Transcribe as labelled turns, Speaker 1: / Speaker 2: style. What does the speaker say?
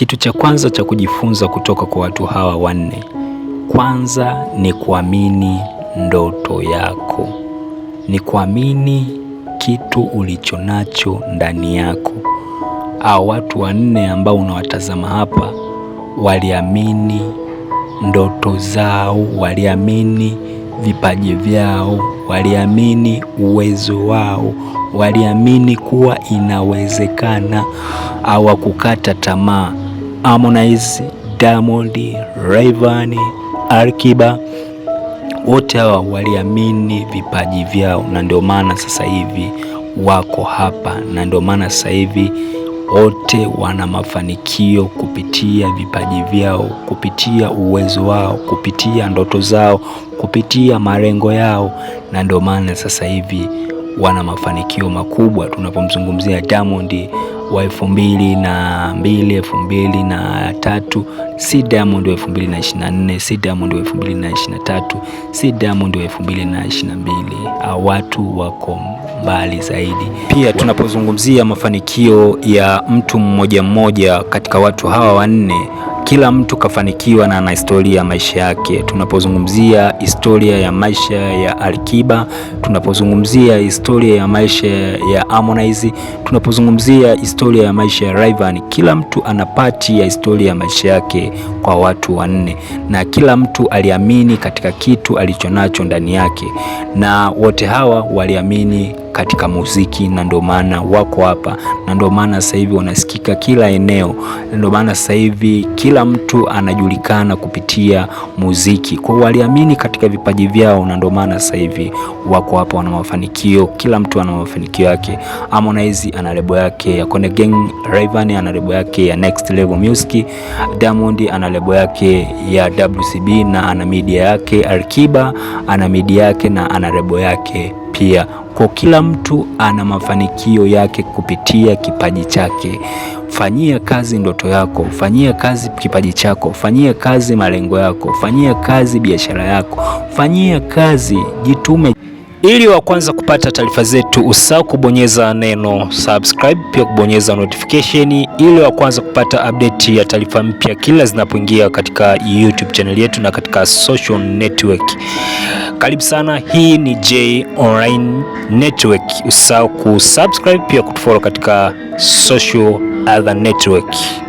Speaker 1: Kitu cha kwanza cha kujifunza kutoka kwa watu hawa wanne, kwanza ni kuamini ndoto yako, ni kuamini kitu ulichonacho ndani yako. Au watu wanne ambao unawatazama hapa waliamini ndoto zao, waliamini vipaji vyao, waliamini uwezo wao, waliamini kuwa inawezekana, hawakukata tamaa. Harmonize, Diamond, Rayvanny, Alikiba wote hawa waliamini vipaji vyao, na ndio maana sasa hivi wako hapa, na ndio maana sasa hivi wote wana mafanikio kupitia vipaji vyao, kupitia uwezo wao, kupitia ndoto zao, kupitia malengo yao, na ndio maana sasa hivi wana mafanikio makubwa. Tunapomzungumzia Diamond wa elfu2ili na na tatu si Diamond wa nne si Diamond wa tatu si Diamond wa 2022. Ah, watu wako mbali zaidi.
Speaker 2: Pia tunapozungumzia mafanikio ya mtu mmoja mmoja katika watu hawa wanne kila mtu kafanikiwa na ana historia ya maisha yake. Tunapozungumzia historia ya maisha ya Alikiba, tunapozungumzia historia ya maisha ya Harmonize, tunapozungumzia historia ya maisha ya Rayvanny, kila mtu ana pati ya historia ya maisha yake kwa watu wanne, na kila mtu aliamini katika kitu alichonacho ndani yake, na wote hawa waliamini katika muziki, na ndio maana wako hapa, na ndio maana sasa hivi wanasikika kila eneo, na ndio maana sasa hivi kila mtu anajulikana kupitia muziki. Kwa waliamini katika vipaji vyao, na ndio maana sasa hivi wako hapa, wana mafanikio. Kila mtu ana mafanikio yake. Harmonize ana lebo yake ya Konde Gang, Rayvanny ana lebo yake ya Next Level Music, Diamond ana lebo yake ya WCB na ana media yake, Alikiba ana media yake na ana lebo yake pia. Kwa kila mtu ana mafanikio yake kupitia kipaji chake. Fanyia kazi ndoto yako, fanyia kazi kipaji chako, fanyia kazi malengo yako, fanyia kazi biashara yako, fanyia kazi, jitume.
Speaker 3: Ili wa kwanza kupata taarifa zetu, usahau kubonyeza neno subscribe, pia kubonyeza notification ili wa kwanza kupata update ya taarifa mpya kila zinapoingia katika YouTube channel yetu na katika social network. Karibu sana, hii ni J Online Network. Usahau kusubscribe, pia kutufollow katika social other network.